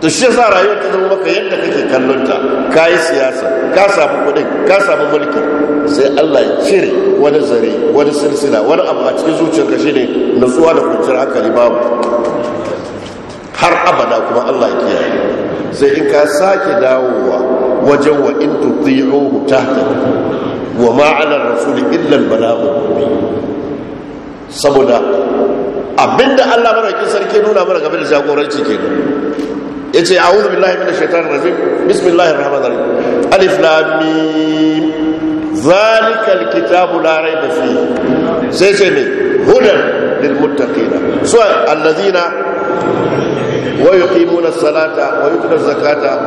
to shi yasa rayuwar ta zama maka yadda kake kallon ta ka yi siyasa ka samu kuɗin, ka samu mulki sai Allah ya cire wani zare wani silsila wani abu a cikin zuciyarka ne nutsuwa da kwanciyar hankali babu har abada kuma Allah ya kiyaye sai in ka sake dawowa wajen wa in tuti'uhu tahta wa ma 'ala rasul illa al-balagh saboda abinda Allah maraki sarki nuna mana game da jagoranci kenan يتي أعوذ بالله من الشيطان الرجيم بسم الله الرحمن الرحيم ألف لامين ذلك الكتاب لا ريب فيه سيسيني هدى للمتقين سواء الذين ويقيمون الصلاة ويتنى الزكاة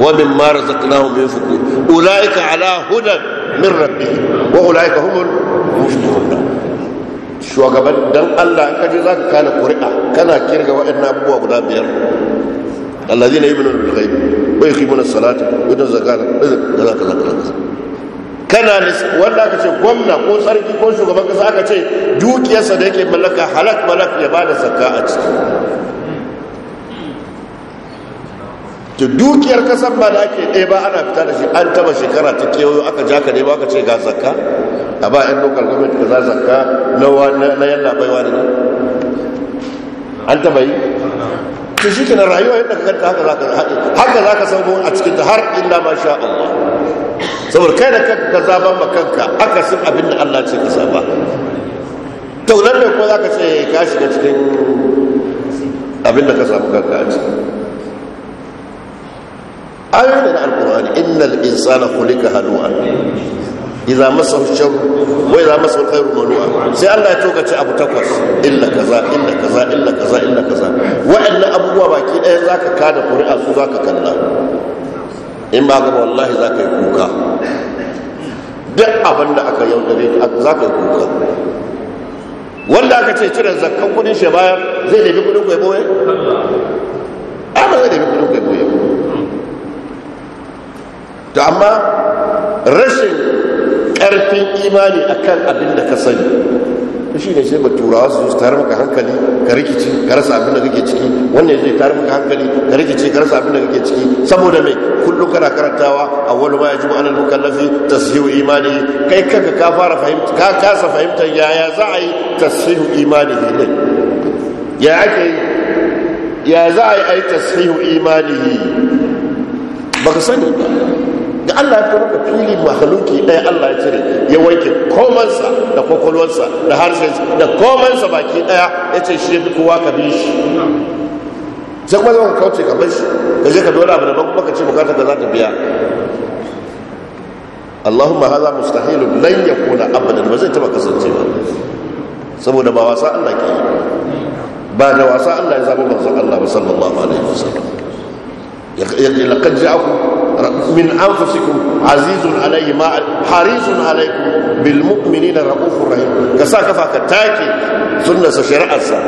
ومما رزقناهم ينفقون أولئك على هدى من ربهم وأولئك هم المفتون shugaban dan Allah kaji za ka kana ƙuri'a kana kirga waɗannan abubuwa guda biyar allazina yu'minuna bil ghaib wa yuqimuna as-salata wa yutuna zakata kaza kaza kaza kana wanda aka ce gwamna ko sarki ko shugaban kasa aka ce dukiyarsa da yake mallaka halak malak ya ba da zakka a ciki to dukiyar kasan ba da ake ɗaya ba ana fita da shi an taba shekara ta kewayo aka ja ka ba aka ce ga zakka a ba yan local government ka za zakka na yan labaiwa ne an taba yi to shi na rayuwa yadda ka ganta haka za ka haɗe haka za ka samu a cikin ta har illa ma sha Allah saboda kai da kanka ka zaban ma kanka aka sun abin da Allah ce ka zaba to nan ne ko za ka ce ka shiga cikin abin da ka samu kanka a ciki ayoyi na alkur'ani innal insana khuliqa halu'a idza masa sharru wa idza masa khairu manu'a sai Allah ya ce abu takwas illa kaza illa kaza illa kaza illa kaza wa'annan abubuwa baki ɗaya zaka kada ƙuri'a su zaka kalla in ba gaba wallahi zaka yi kuka duk abin da aka yaudare zaka yi kuka wanda aka ce cire zakkan kudin shi bayan zai nemi kudin kwaiboye? ba zai nemi kudin kwaiboye to amma rashin karfin imani akan abin da ka sani shi ne sai ba turawa su tare maka hankali ka rikici ka rasa abin da kake ciki wannan zai tare maka hankali ka rikici ka rasa abin da kake ciki saboda mai kullum kana karantawa a wani ma ya ji ma'anar mukallafi tasihu imani kai kanka ka fara fahimta ka kasa fahimtar yaya za a yi tasihu imani ne ya ake ya za a yi tasihu imani ba ka sani ba da Allah ya fara fili makhluki ɗaya Allah ya cire ya wanke komansa da kwakwalwarsa da harshensa da komansa baki ɗaya ya ce shi fi kowa ka bi shi sai kuma zama ka kauce ka bai shi ka je ka bi wani abu daban kuma ka ce bukatar da za ta biya Allahumma haza mustahilun lan kuna abadan ba zai taba kasance ba saboda ba wasa Allah ke ba da wasa Allah ya zama manzon Allah ba sallallahu alaihi wasallam لقد جاءكم من أنفسكم عزيز عليه ما حريص عليكم بالمؤمنين رؤوف رحيم كساك فاك تاكي سنة شرع السا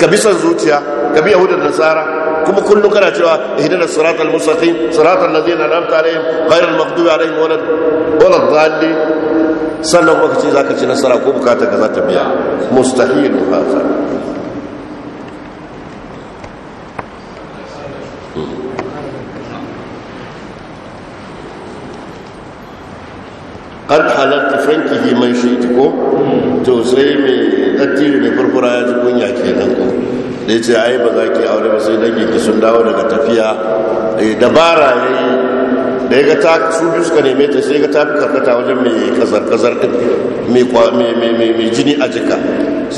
كبسا زوتيا كبي يهود النصارى كما كل كنا جوا اهدنا الصراط المستقيم صراط الذين أنعمت عليهم غير المغضوب عليهم ولا ولا الضالين sannan kuma ka ce za ka ci nasara ko bukata ka za ta biya mustahil hasa an halarta franki himan shi ta ko to sai mai dattiri mai furfura ya ji kunya ke nan ko da ya ce ai ba za ki aure ba sai dangi ki sun dawo daga tafiya eh, dabara ya yi da ya ga ta su biyu suka neme ta sai ga ta fi karkata wajen mai kazar-kazar din mai jini a jika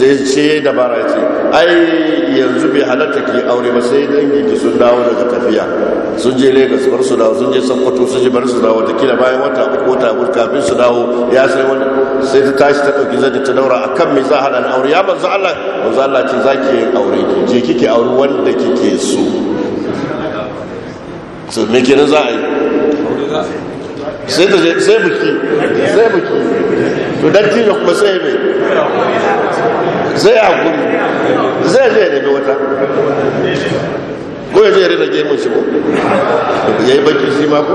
sai ce dabara ya ce ai yanzu bai halatta ke aure ba sai dangi ki sun dawo daga tafiya sun je lagos bar su dawo sun je sokoto sun je bar su dawo da kila bayan wata uku wata uku kafin su dawo ya sai wani sai ta tashi ta dauki zaji ta daura akan me za halan aure ya manzo allah manzo allah ce zaki yin aure je kike aure wanda kike so so me kenan za a yi sai ta sai buki sai buki to dan tijo kuma sai me zai hakuri zai zai da wata ko ya zai rina gemun shi ko ya yi baki shi ma ko